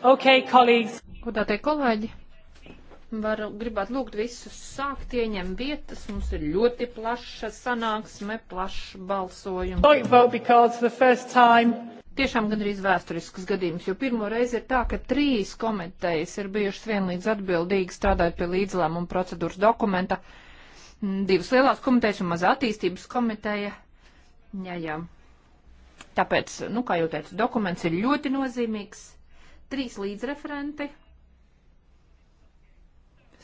Okay, colleagues. Godātie kolēģi, varu gribēt lūgt visus sākt ieņem vietas. Mums ir ļoti plaša sanāksme, plašs balsojums. Tiešām gandrīz vēsturisks gadījums, jo pirmo reizi ir tā, ka trīs komitejas ir bijušas vienlīdz atbildīgi strādājot pie līdzlēmuma procedūras dokumenta. Divas lielās komitejas un maza attīstības komiteja. Jā, jā. Tāpēc, nu, kā jau teicu, dokuments ir ļoti nozīmīgs trīs līdzreferenti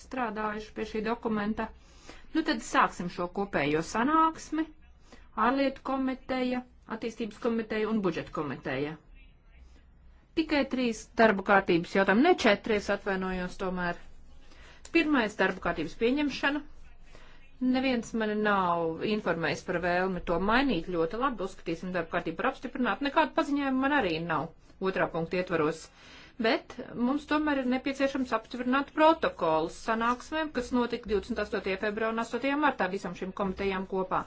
strādājuši pie šī dokumenta. Nu tad sāksim šo kopējo sanāksmi. Ārlietu komiteja, attīstības komiteja un budžeta komiteja. Tikai trīs darba kārtības jautājumi, ne četri, es atvainojos tomēr. Pirmais darba kārtības pieņemšana. Neviens mani nav informējis par vēlmi to mainīt. Ļoti labi, uzskatīsim darba kārtību par apstiprinātu. Nekādu paziņojumu man arī nav. Otrā punkta ietvaros bet mums tomēr ir nepieciešams apstiprināt protokolus sanāksmēm, kas notika 28. februārā un 8. martā visam šim komitejām kopā.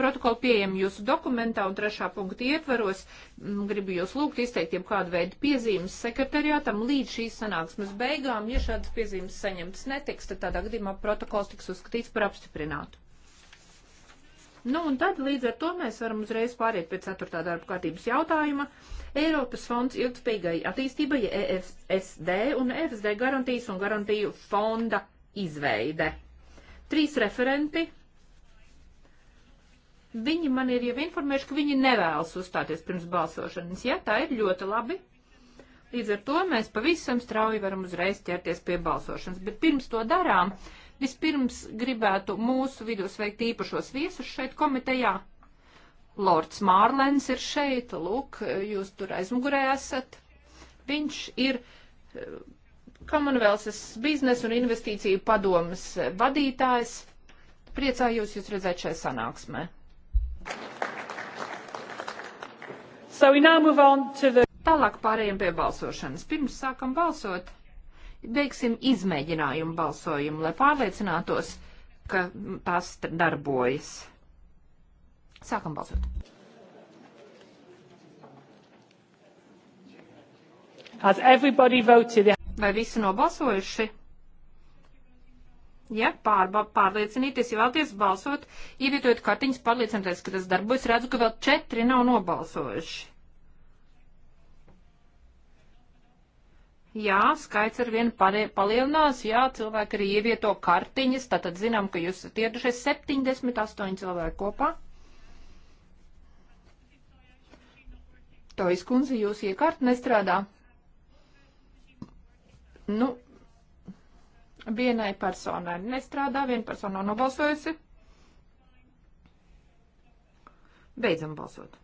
Protokoli pieejam jūsu dokumentā un trešā punkta ietvaros. Mm, Gribu jūs lūgt izteikt jau kādu veidu piezīmes sekretariātam līdz šīs sanāksmes beigām. Ja šādas piezīmes saņemtas netiks, tad tādā gadījumā protokols tiks uzskatīts par apstiprinātu. Nu, un tad līdz ar to mēs varam uzreiz pāriet pie ceturtā darba kārtības jautājuma. Eiropas fonds ilgspējīgai attīstībai EFSD un EFSD garantijas un garantiju fonda izveide. Trīs referenti. Viņi man ir jau informējuši, ka viņi nevēlas uzstāties pirms balsošanas. Ja tā ir ļoti labi, Līdz ar to mēs pavisam strauji varam uzreiz ķerties pie balsošanas, bet pirms to darām Vispirms gribētu mūsu vidus veikt īpašos viesus šeit komitejā. Lords Mārlens ir šeit, lūk, jūs tur aizmugurē esat. Viņš ir eh, Commonwealths biznesa un investīciju padomas eh, vadītājs. Priecājos jūs redzēt šai sanāksmē. So the... Tālāk pārējiem pie balsošanas. Pirms sākam balsot veiksim izmēģinājumu balsojumu, lai pārliecinātos, ka tas darbojas. Sākam balsot. Has everybody voted? Vai visi nobalsojuši? Ja pārba, pārliecinieties, ja vēlaties balsot, ievietojiet kartiņas, pārliecinieties, ka tas darbojas. Redzu, ka vēl četri nav nobalsojuši. Jā, skaits ar vienu palielinās, jā, cilvēki arī ievieto kartiņas, tātad zinām, ka jūs esat ieradušies 78 cilvēki kopā. To izkundze jūs iekārt nestrādā. Nu, vienai personai nestrādā, viena persona nobalsojusi. Beidzam balsot.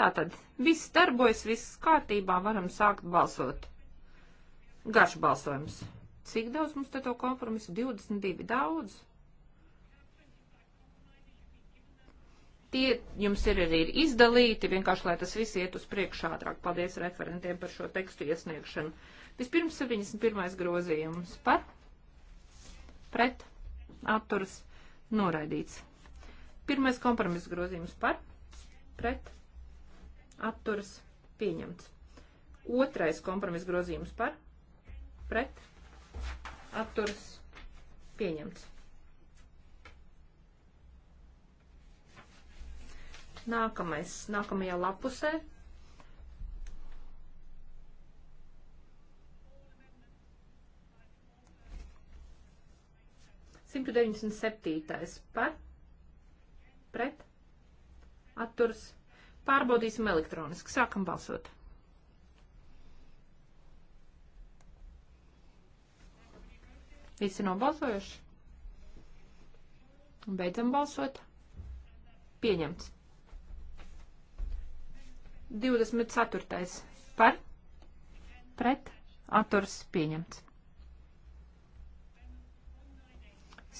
Tātad viss darbojas, viss kārtībā, varam sākt balsot. Garš balsojums. Cik daudz mums te to kompromisu? 22 daudz. Tie jums ir arī izdalīti, vienkārši lai tas viss iet uz priekšu ātrāk. Paldies referentiem par šo tekstu iesniegšanu. Vispirms 71. grozījums par, pret, atturas, noraidīts. Pirmais kompromiss grozījums par, pret, atturas atturas pieņemts. Otrais kompromiss grozījums par, pret, atturas pieņemts. Nākamais, nākamajā lapusē. Simtu deviņdesmit septītais par, pret, atturas pieņemts Pārbaudīsim elektroniski. Sākam balsot. Visi nobalsojuši? Beidzam balsot. Pieņemts. 24. Par? Pret? Atturs pieņemts.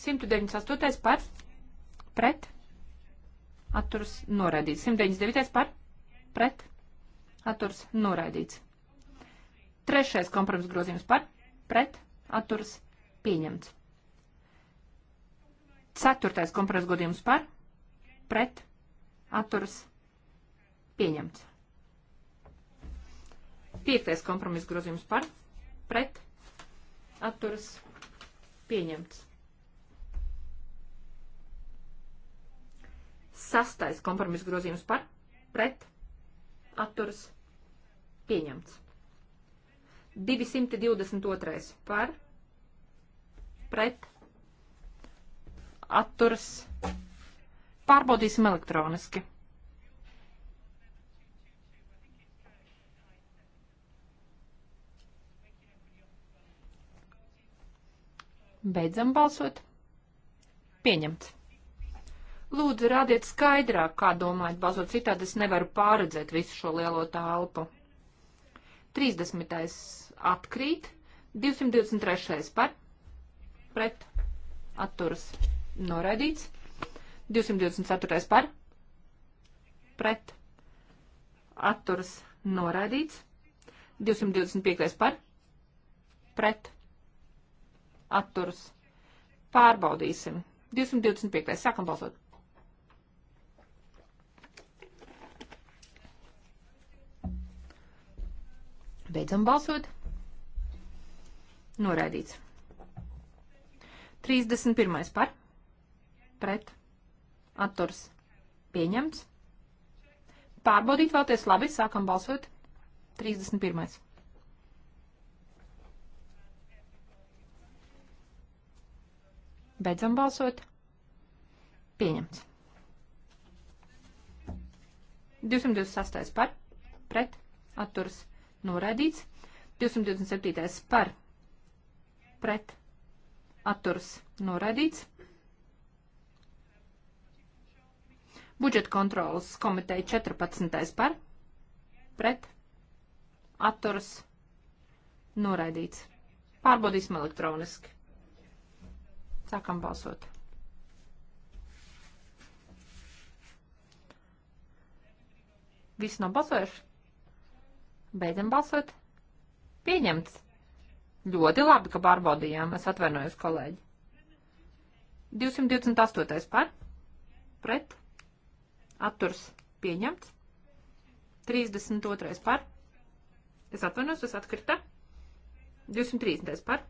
198. Par? Pret? atturas noraidīts. 199. par pret atturas noraidīts. Trešais kompromiss grozījums par pret atturas pieņemts. Ceturtais kompromiss grozījums par pret atturas pieņemts. Piektais kompromiss grozījums par pret atturas pieņemts. Sastais kompromiss grozījums par pret atturas pieņemts. 222. par pret atturas pārbaudīsim elektroniski. Beidzam balsot. Pieņemts. Lūdzu, rādiet skaidrāk, kā domājat balsot, citādi es nevaru pārredzēt visu šo lielo telpu. 30. atkrīt, 223. par, pret, atturas, noraidīts, 224. par, pret, atturas, noraidīts, 225. par, pret, atturas, pārbaudīsim. 225. sākam balsot. Beidzam balsot. Noraidīts. 31. par. Pret. Atturs. Pieņemts. Pārbaudīt vēlties labi. Sākam balsot. 31. Beidzam balsot. Pieņemts. 226. par. Pret. Atturs. Pieņemts noraidīts. 227. par pret atturs noraidīts. Budžeta kontrolas komiteja 14. par pret atturs noraidīts. Pārbaudīsim elektroniski. Sākam balsot. Viss nav balsojuši? Beidzam balsot. Pieņemts. Ļoti labi, ka pārbaudījām. Es atvainojos, kolēģi. 228. par. Pret. Atturs. Pieņemts. 32. par. Es atvainojos, tas atkrita. 230. par.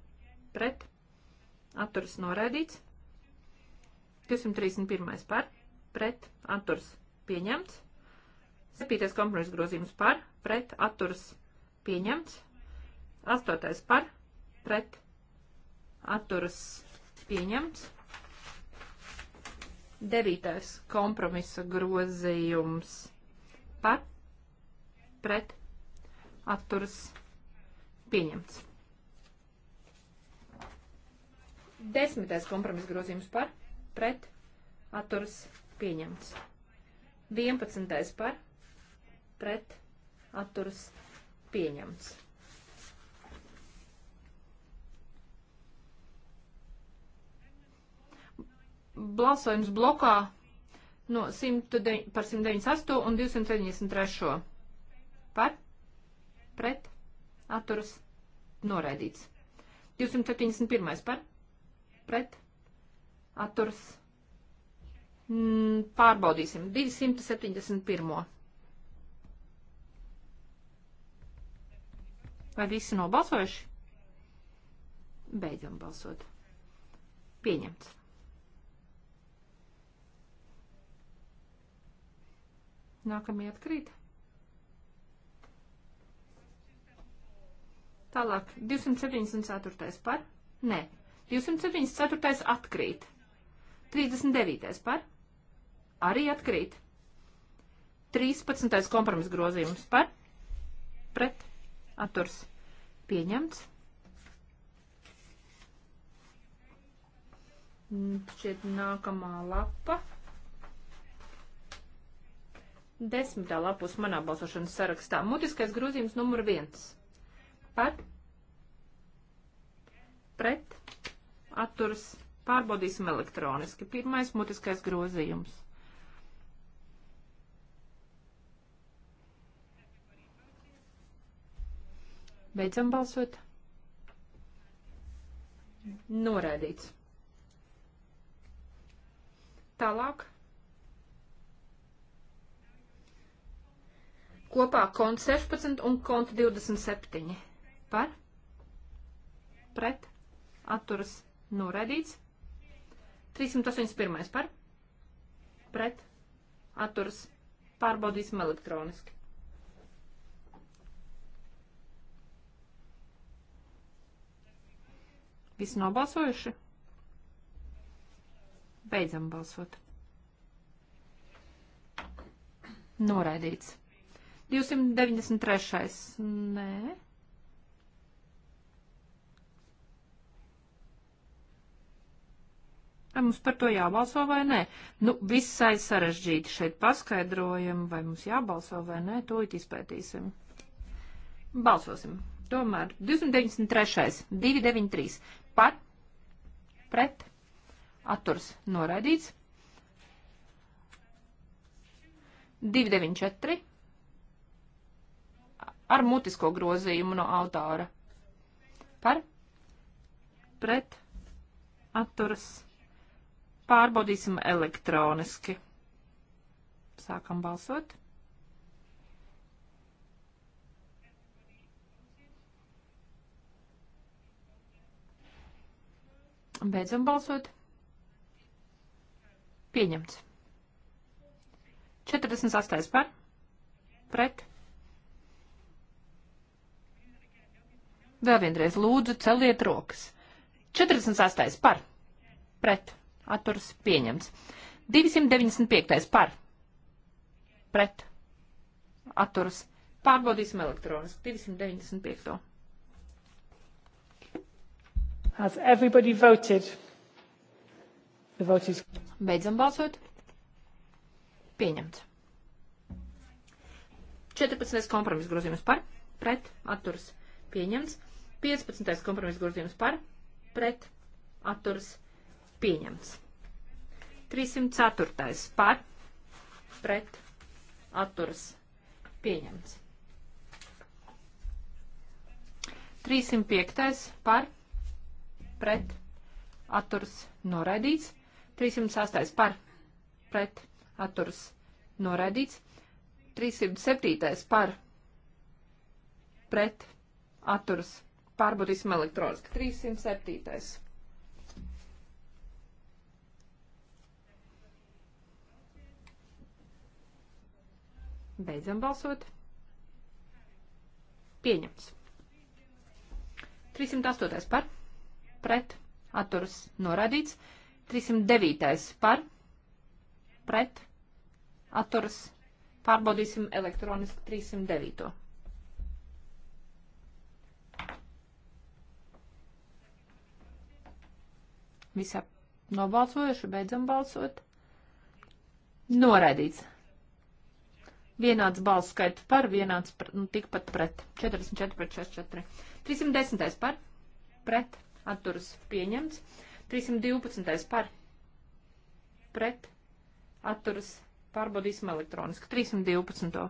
Pret. Atturs noraidīts. 231. par. Pret. Atturs pieņemts. Septītais kompromiss grozījums par, pret, atturas pieņemts. Astotais par, pret, atturas pieņemts. Devītais kompromisa grozījums par, pret, atturas pieņemts. Desmitais kompromiss grozījums par, pret, atturas pieņemts. Vienpadsmitais par, pret atturas pieņemts. Balsojums blokā no 109, par 198 un 273. Par, pret, atturas, noraidīts. 271. par, pret, atturas, mm, pārbaudīsim. 271. Vai visi nobalsojuši? Beidzam balsot. Pieņemts. Nākamie atkrīt. Tālāk, 274. par? Nē, 274. atkrīt. 39. par? Arī atkrīt. 13. kompromis grozījums par? Pret? atturs pieņemts. Mm, šķiet nākamā lapa. Desmitā lapus manā balsošanas sarakstā. Mutiskais grozījums numur viens. Par, pret, atturs, pārbaudīsim elektroniski. Pirmais mutiskais grozījums. Beidzam balsot. Noraidīts. Tālāk. Kopā kont 16 un kont 27. Par? Pret? Atturas noraidīts. 381. par? Pret? Atturas pārbaudīsim elektroniski. Visi nobalsojuši? Beidzam balsot. Noraidīts. 293. Nē. Vai mums par to jābalso vai nē? Nu, visai sarežģīti šeit paskaidrojam, vai mums jābalso vai nē, to it izpētīsim. Balsosim. Tomēr 293. 293 par, pret, atturs noraidīts. 294 ar mutisko grozījumu no autora par, pret, atturs pārbaudīsim elektroniski. Sākam balsot. Beidzam balsot. Pieņemts. 48 par. Pret. Vēl vienreiz lūdzu celiet rokas. 48 par. Pret. Atturs pieņemts. 295 par. Pret. Atturs. Pārbaudīsim elektronisku. 295. Has everybody voted? The vote is... Beidzam balsot. Pieņemts. 14. kompromiss grozījums par, pret, atturas, pieņemts. 15. kompromiss grozījums par, pret, atturas, pieņemts. 304. par, pret, atturas, pieņemts. 305. par, pret atturs noraidīts. 308. par pret atturs noraidīts. 307. par pret atturs pārbaudīsim elektroniski. 307. Beidzam balsot. Pieņemts. 308. par pret, atturas noraidīts. 309. par, pret, atturas. Pārbaudīsim elektroniski 309. Visi nobalsojuši, beidzam balsot. Noraidīts. Vienāds balsu skaits par, vienāds par, nu, tikpat pret. 44 pret 64. 310 par, pret, atturas pieņemts. 312. par pret atturas pārbaudīsim elektroniski. 312.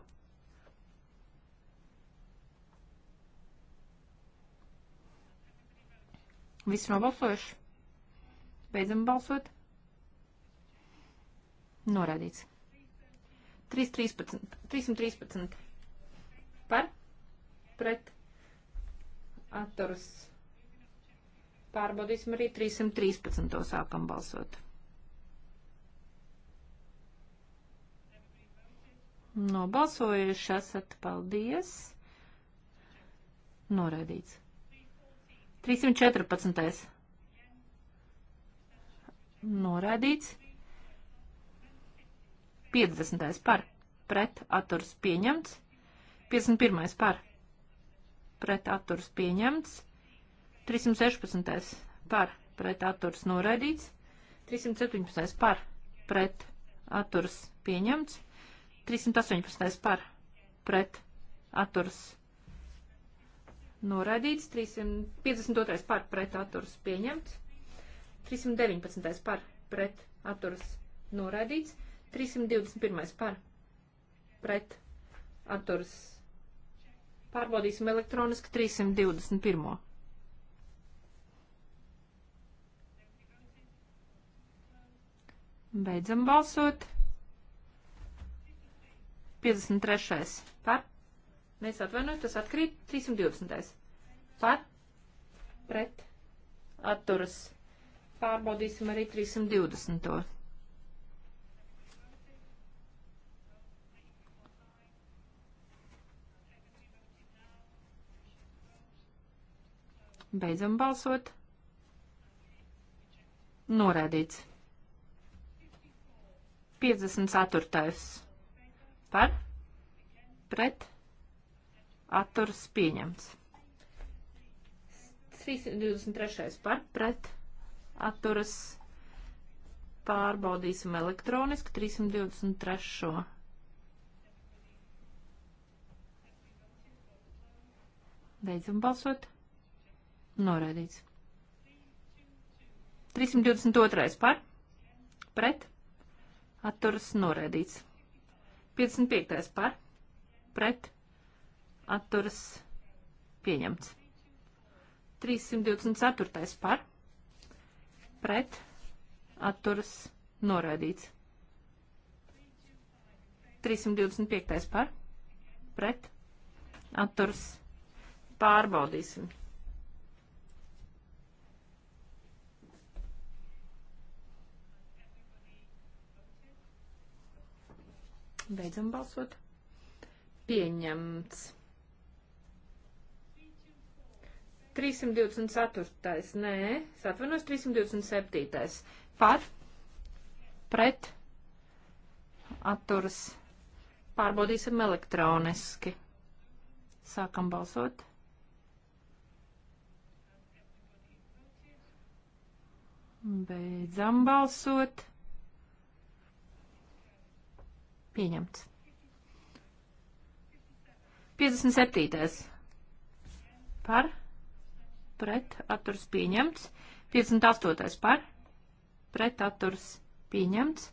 Visi nobalsojuši? Beidzam balsot. Norādīts. 313. 313. Par? Pret? Atturas Pārbaudīsim arī 313. sākam balsot. Nobalsojuši esat, paldies. Noraidīts. 314. Noraidīts. 50. par pret atturs pieņemts. 51. par pret atturs pieņemts. 316. par pret atturas noraidīts. 317. par pret atturas pieņemts. 318. par pret atturas noraidīts. 352. par pret atturas pieņemts. 319. par pret atturas noraidīts. 321. par pret atturas. Pārbaudīsim elektroniski 321. Beidzam balsot. 53. par. Mēs atvainojam, tas atkrīt 320. par. Pret. Atturas. Pārbaudīsim arī 320. Beidzam balsot. Norādīts. 54. Par? Pret? Atturs pieņemts. 23. par? Pret? Atturs pārbaudīsim elektroniski 323. Beidzam balsot. Noraidīts. 322. par. Pret atturas noraidīts. 55. par, pret, atturas pieņemts. 324. par, pret, atturas noraidīts. 325. par, pret, atturas pārbaudīsim. Beidzam balsot. Pieņemts. 324. Nē, es atvainojos 327. Par, pret, atturas. Pārbaudīsim elektroniski. Sākam balsot. Beidzam balsot. Pieņemts. 57. Par. Pret. Atturs pieņemts. 58. Par. Pret. Atturs pieņemts.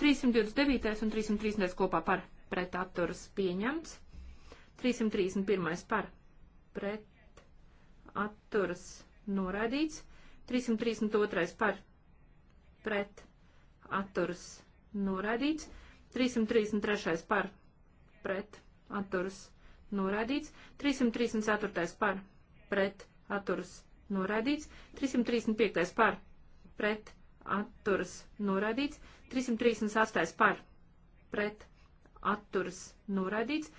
329. un 330. kopā par. Pret. Atturs pieņemts. 331. par. Pret. Atturs noraidīts. 332. par pret atturas noraidīts. 333. par pret atturas noraidīts. 334. par pret atturas noraidīts. 335. par pret atturas noraidīts. 338. par pret atturas noraidīts.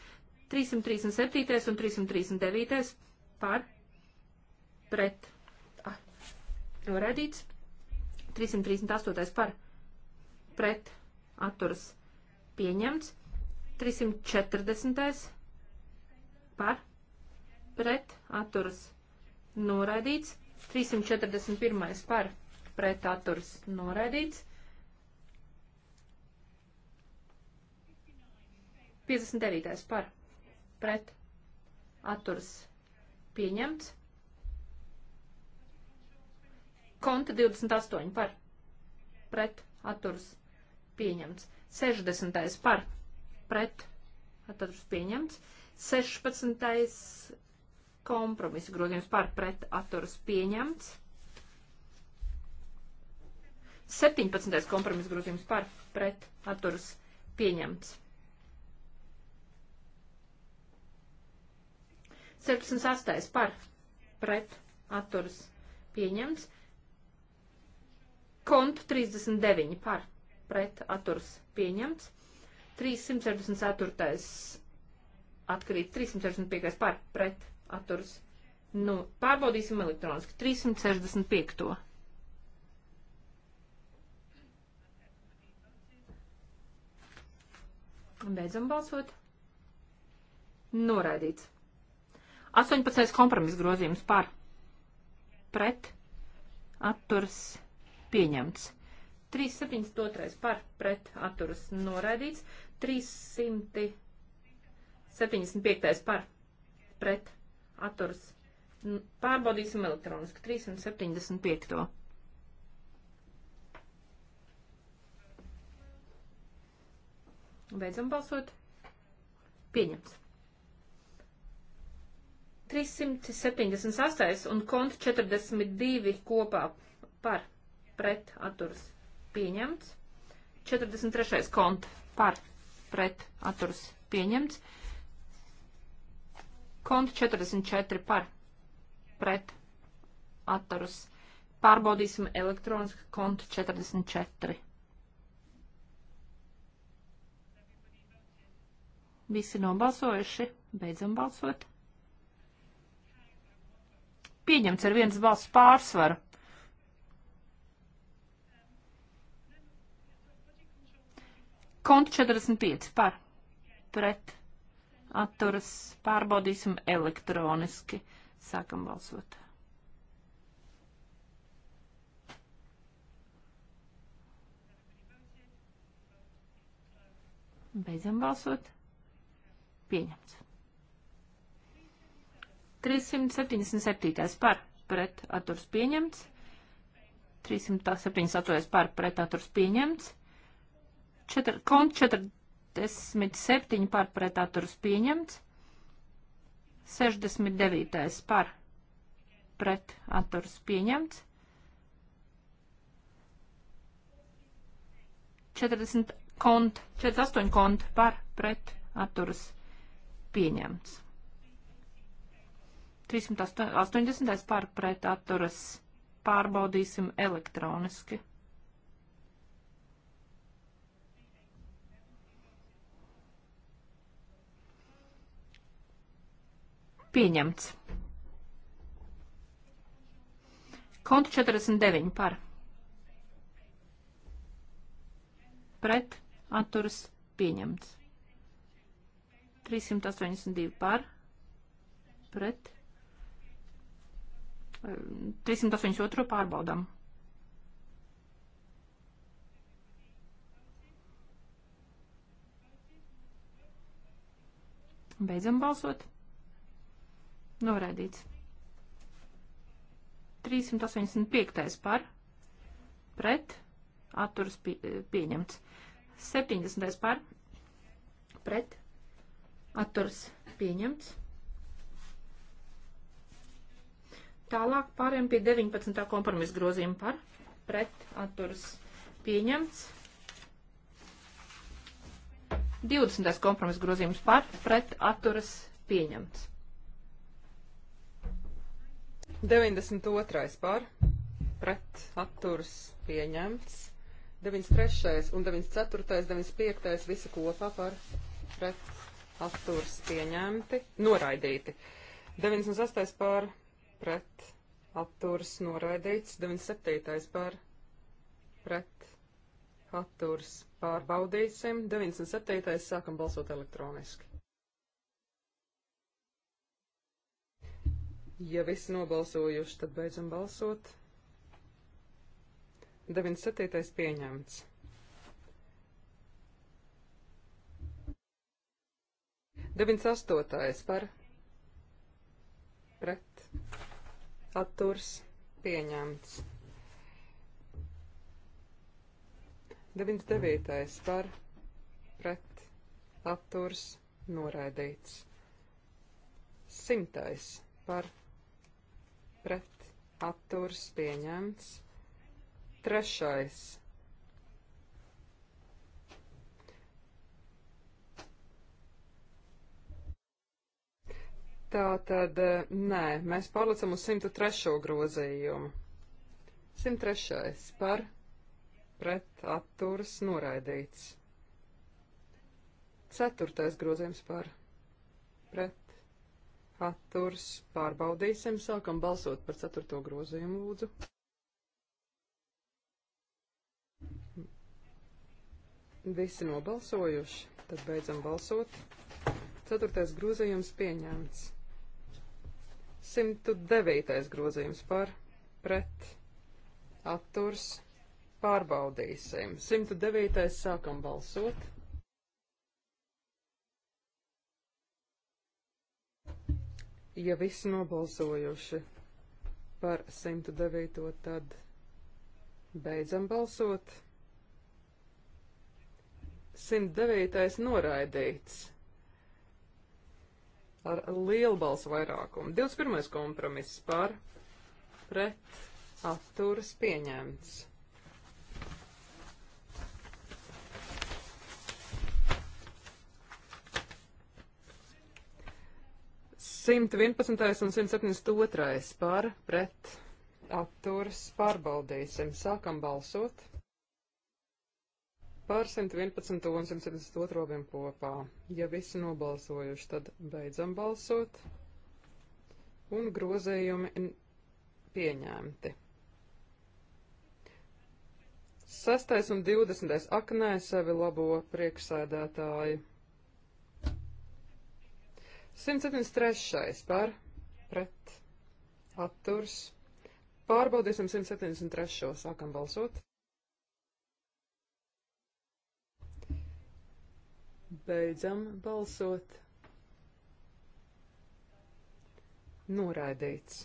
337. un 339. par pret noraidīts. 338. par pret atturas pieņemts. 340. par pret atturas noraidīts. 341. par pret atturas noraidīts. 59. par pret atturas pieņemts. Konta 28 par. Pret. Atturs. Pieņemts. 60. par. Pret. Atturs. Pieņemts. 16. kompromisa grozījums par. Pret. Atturs. Pieņemts. 17. kompromisa grozījums par. Pret. Atturs. Pieņemts. 17. par. Pret. Atturs. Pieņemts. Kont 39 par pret atturs pieņemts. 364. atkrīt 365. par pret atturs. Nu, pārbaudīsim elektroniski. 365. To. Beidzam balsot. Noraidīts. 18. kompromis grozījums par pret atturs pieņemts pieņemts. 372 par pret atturas noraidīts, 375 par pret atturas. Pārbaudīsim elektroniski 375. To. Beidzam balsot. Pieņemts. 378 un kont 42 kopā par pret atturas pieņemts. 43. konta par pret atturas pieņemts. Konta 44 par pret atturas. Pārbaudīsim elektroniski kontu 44. Visi nobalsojuši. Beidzam balsot. Pieņemts ar vienas balss pārsvaru. Kont 45 par pret atturas pārbaudīsim elektroniski. Sākam balsot. Beidzam balsot. Pieņemts. 377. par pret atturs pieņemts. 378. par pret atturs pieņemts. Četr, kont 47 par pret atturas pieņemts. 69 par pret atturas pieņemts. 40 kont, 48 kont par pret atturas pieņemts. 380 par pret atturas pārbaudīsim elektroniski. Pieņemts. Kontu 49 par. Pret atturas pieņemts. 382 par. Pret. 382 pārbaudām. Beidzam balsot. Noraidīts. 385. par, pret, atturas pie, pieņemts. 70. par, pret, atturas pieņemts. Tālāk pārējām pie 19. kompromisa grozījuma par, pret, atturas pieņemts. 20. kompromisa grozījums par, pret, atturas pieņemts. 92. par pret atturs pieņemts. 93. un 94. 95. visi kopā par pret atturs pieņemti, noraidīti. 98. par pret atturs noraidīts, 97. par pret atturs pārbaudīsim, 97. sākam balsot elektroniski. Ja visi nobalsojuši, tad beidzam balsot. 97. pieņemts. Devins astotais par pret atturs pieņemts. Devins devītais par pret atturs noraidīts. Simtais par pret pret atturs pieņemts. Trešais. Tā tad, eh, nē, mēs pārlicam uz 103. grozījumu. 103. par pret atturas noraidīts. Ceturtais grozījums par pret atturs pārbaudīsim. Sākam balsot par ceturto grozījumu lūdzu. Visi nobalsojuši, tad beidzam balsot. Ceturtais grozījums pieņemts. 109. grozījums par pret atturs pārbaudīsim. 109. sākam balsot. Ja visi nobalsojuši par 109. tad beidzam balsot. 109. noraidīts ar lielu balsu vairākumu. 21. kompromiss par pret atturas pieņemts. 111. un 172. par pret atturas pārbaudīsim. Sākam balsot par 111. un 172. abiem kopā. Ja visi nobalsojuši, tad beidzam balsot un grozējumi pieņemti. 6. un 20. aknē sevi labo priekšsēdētāju. 173. par pret atturs. Pārbaudīsim 173. sākam balsot. Beidzam balsot. Noraidīts.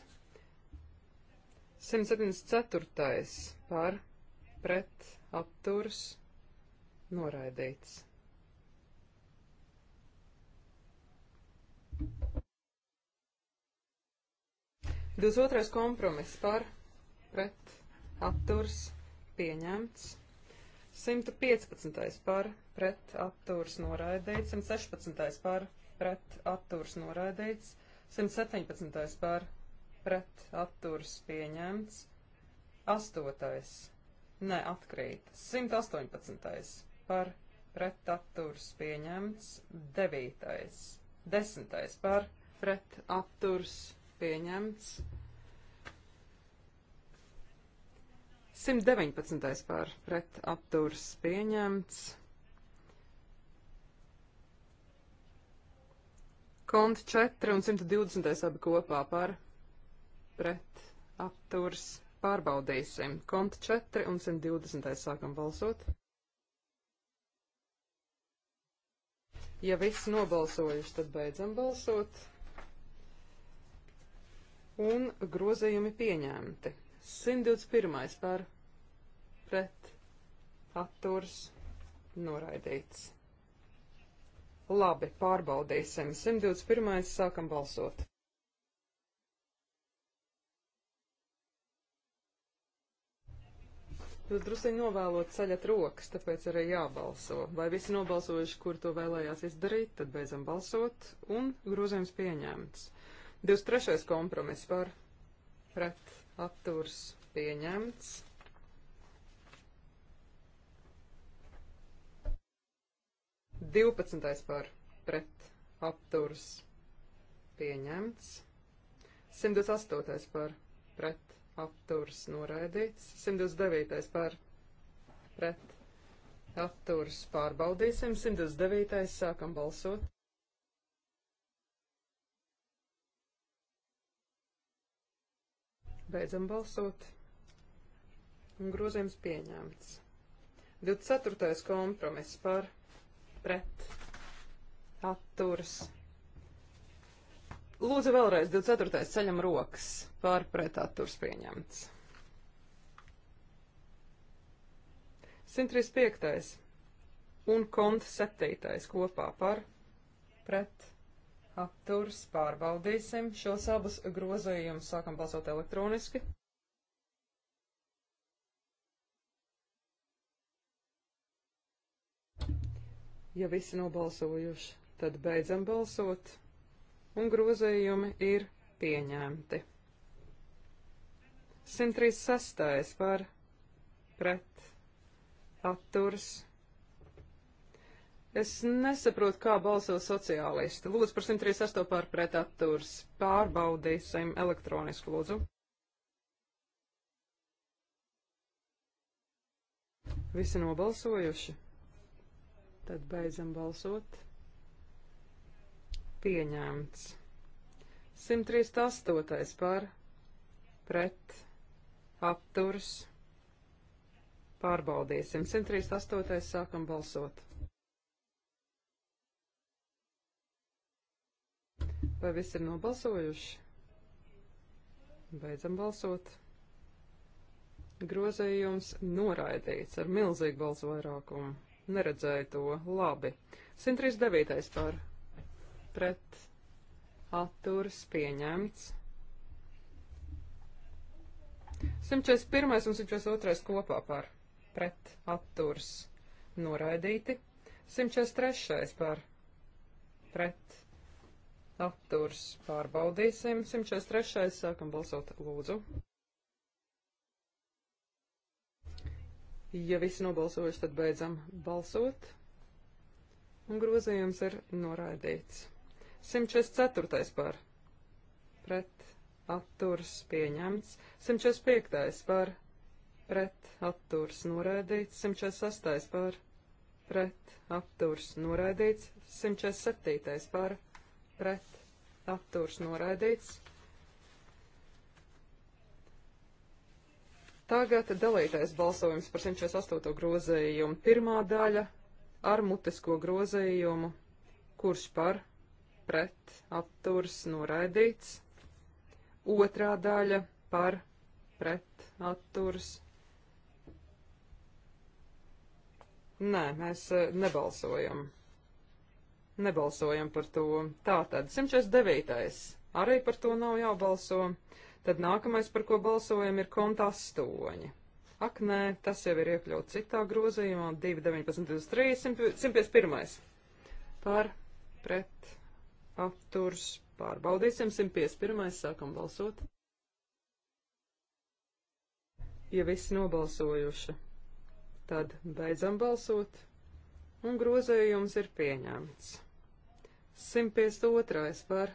174. par pret atturs. Noraidīts. 22. kompromiss par pret atturs pieņemts. 115. par pret atturs noraidīts. 116. par pret atturs noraidīts. 117. par pret atturs pieņemts. 8. Ne, atkrīt. 118. par pret atturs pieņemts. 9. 10. par pret atturs pieņemts pieņemts. 119. pār pret apturs pieņemts. Konti 4 un 120. abi kopā par pret apturs pārbaudīsim. Konti 4 un 120. sākam balsot. Ja viss nobalsojuši, tad beidzam balsot un grozījumi pieņemti. 121. par pret atturs noraidīts. Labi, pārbaudīsim. 121. sākam balsot. Jūs druskuļi novēlot ceļot rokas, tāpēc arī jābalso. Vai visi nobalsojuši, kur to vēlējās izdarīt, tad beidzam balsot un grozījums pieņemts. 23. kompromiss par pret atturs pieņemts. Divpadsmitais par pret apturs pieņemts. 128. par pret apturs noraidīts. 129. par pret apturs pārbaudīsim. 129. sākam balsot. Beidzam balsot. Un grozījums pieņemts. 24. kompromiss par pret atturas. Lūdzu vēlreiz 24. ceļam rokas par pret atturs pieņemts. 135. un kont 7. kopā par pret atturs, pārbaudīsim šos abus grozījumus, sākam balsot elektroniski. Ja visi nobalsojuši, tad beidzam balsot, un grozījumi ir pieņemti. 136. par pret atturs Es nesaprotu, kā balso sociālisti. Lūdzu, par 138 pārpret atturs. Pārbaudīsim elektronisku lūdzu. Visi nobalsojuši. Tad beidzam balsot. Pieņēmts. 138 par pret atturs. Pārbaudīsim. 138 sākam balsot. Vai visi ir nobalsojuši? Beidzam balsot. Grozījums noraidīts ar milzīgu balsu vairākumu. Neredzēju to. Labi. 139. par. Pret. Atturs pieņemts. 141. un 142. kopā par. Pret. Atturs noraidīti. 143. par. Pret atturs pārbaudīsim. 143. sākam balsot lūdzu. Ja visi nobalsojuši, tad beidzam balsot. Un grozījums ir noraidīts. 144. par pret atturs pieņemts. 145. par pret atturs noraidīts. 146. par pret atturs noraidīts. 147. par pret pret atturs noraidīts. Tagad dalītais balsojums par 148. grozījumu. Pirmā daļa ar mutisko grozījumu, kurš par pret atturs noraidīts. Otrā daļa par pret atturs. Nē, mēs eh, nebalsojam. Nebalsojam par to. Tātad 149. Arī par to nav jābalso. Tad nākamais, par ko balsojam, ir konta 8. Ak, nē, tas jau ir iekļauts citā grozījumā, 2.19.23, 151. Par, pret, apturs, pārbaudīsim, 151. sākam balsot. Ja visi nobalsojuši, tad beidzam balsot, un grozījums ir pieņemts. 152 par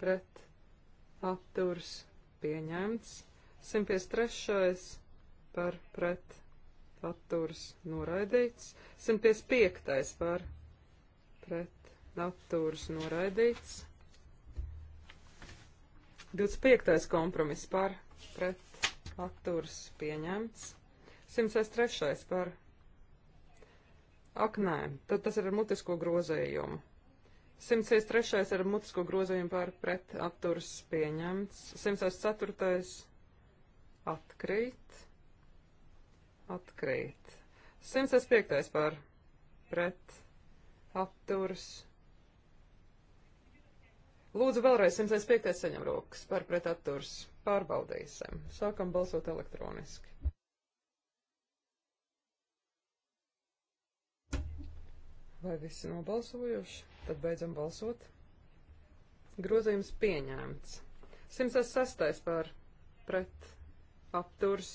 pret atturs pieņemts. 153 par pret atturs noraidīts. 155 par pret atturs noraidīts. 25. kompromiss par pret atturs pieņemts. 163. par aknēm. Tad tas ir ar mutisko grozējumu. 163. ar mutisko grozījumu pār pret apturas pieņemts. 104. atkrīt. Atkrīt. 105. pār pret apturas. Lūdzu vēlreiz 105. saņem rokas par pret atturas. Pārbaudīsim. Sākam balsot elektroniski. Vai visi nobalsojuši? Tad beidzam balsot. Grozījums pieņēmts. 106. par pret apturs.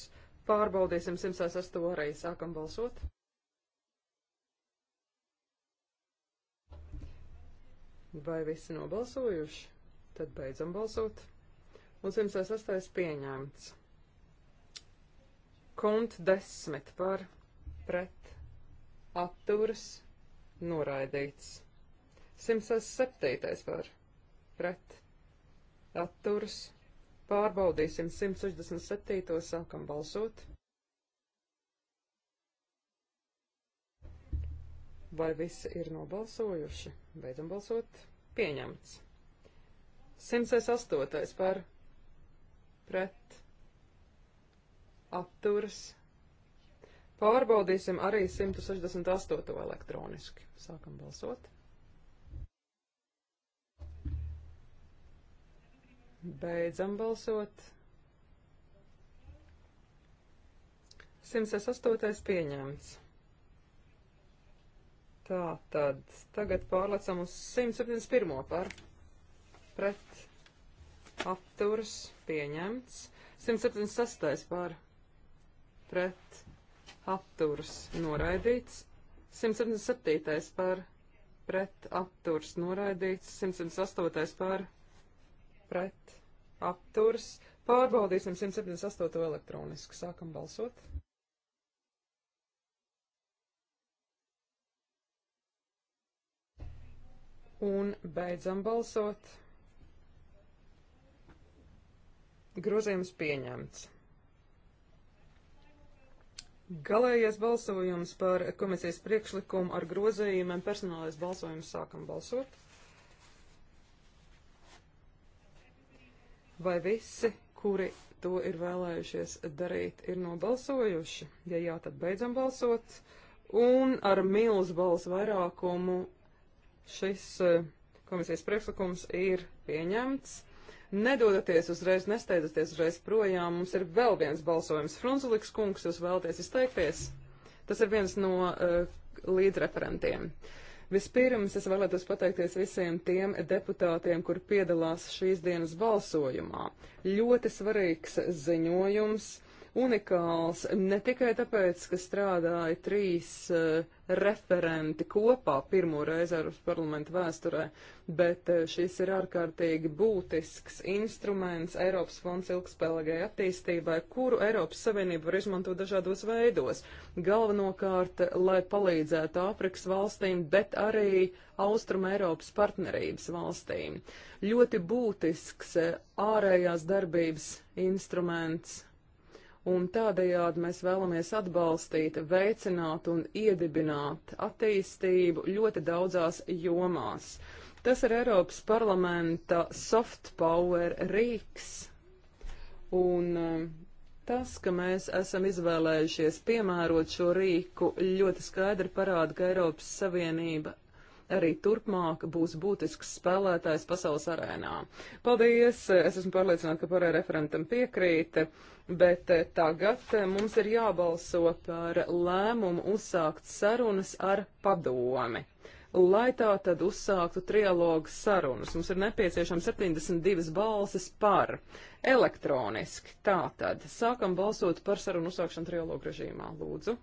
Pārbaudīsim 106. arī sākam balsot. Vai visi nobalsojuši? Tad beidzam balsot. Un 106. pieņēmts. Kont 10 par pret atturas noraidīts. 167. par pret atturas. Pārbaudīsim 167. sākam balsot. Vai visi ir nobalsojuši? Beidzam balsot. Pieņemts. 108. par pret atturas. Pārbaudīsim arī 168. elektroniski. Sākam balsot. Beidzam balsot. 108. pieņemts. Tā tad tagad pārlecam uz 171. par pret apturs pieņemts. 176. par pret apturs noraidīts. 177. par pret apturs noraidīts. 178. par pret pret, atturs. Pārbaudīsim 178. elektroniski. Sākam balsot. Un beidzam balsot. Grozījums pieņemts. Galējais balsojums par komisijas priekšlikumu ar grozījumiem personālais balsojums sākam balsot. Vai visi, kuri to ir vēlējušies darīt, ir nobalsojuši? Ja jā, tad beidzam balsot. Un ar milzu balsu vairākumu šis eh, komisijas priekšlikums ir pieņemts. Nedodaties uzreiz, nesteidzieties uzreiz projām. Mums ir vēl viens balsojums. Frunzuliks kungs, jūs vēlaties izteikties? Tas ir viens no uh, līdzreferentiem. Uh, Vispirms es vēlētos pateikties visiem tiem deputātiem, kur piedalās šīs dienas balsojumā. Ļoti svarīgs ziņojums unikāls ne tikai tāpēc, ka strādāja trīs uh, referenti kopā pirmo reizi Eiropas parlamenta vēsturē, bet uh, šis ir ārkārtīgi būtisks instruments Eiropas fonds ilgspēlīgai attīstībai, kuru Eiropas Savienība var izmantot dažādos veidos. Galvenokārt, lai palīdzētu Āfrikas valstīm, bet arī Austrum Eiropas partnerības valstīm. Ļoti būtisks uh, ārējās darbības instruments un tādējādi mēs vēlamies atbalstīt, veicināt un iedibināt attīstību ļoti daudzās jomās. Tas ir Eiropas parlamenta soft power rīks, un um, tas, ka mēs esam izvēlējušies piemērot šo rīku, ļoti skaidri parāda, ka Eiropas Savienība arī turpmāk būs būtisks spēlētājs pasaules arēnā. Paldies! Es esmu pārliecināta, ka pārējā referentam piekrīt, bet eh, tagad eh, mums ir jābalso par lēmumu uzsākt sarunas ar padomi. Lai tā tad uzsāktu trialogu sarunas, mums ir nepieciešams 72 balsis par elektroniski. Tā tad sākam balsot par sarunu uzsākšanu trialogu režīmā. Lūdzu!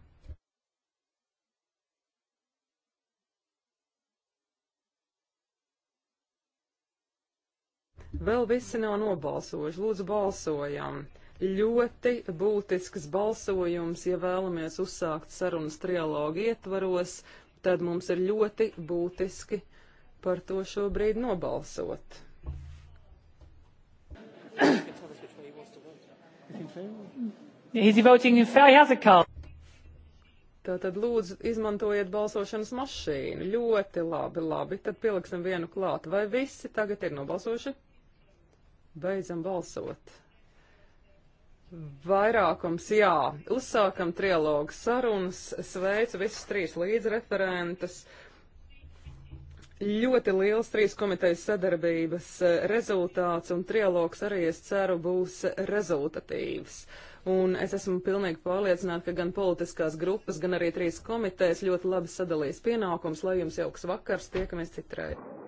Vēl visi nav nobalsojuši. Lūdzu, balsojam! Ļoti būtisks balsojums, ja vēlamies uzsākt sarunas trialogu ietvaros, tad mums ir ļoti būtiski par to šobrīd nobalsot. Tātad lūdzu izmantojiet balsošanas mašīnu. Ļoti labi, labi. Tad pieliksim vienu klāt. Vai visi tagad ir nobalsojuši? Beidzam balsot. Vairākums jā. Uzsākam trialogu sarunas. Sveicu visus trīs līdzreferentus. Ļoti liels trīs komitejas sadarbības eh, rezultāts un trialogs arī es ceru būs rezultatīvs. Un es esmu pilnīgi pārliecināta, ka gan politiskās grupas, gan arī trīs komitejas ļoti labi sadalīs pienākums, lai jums jauks vakars, tiekamies citreiz.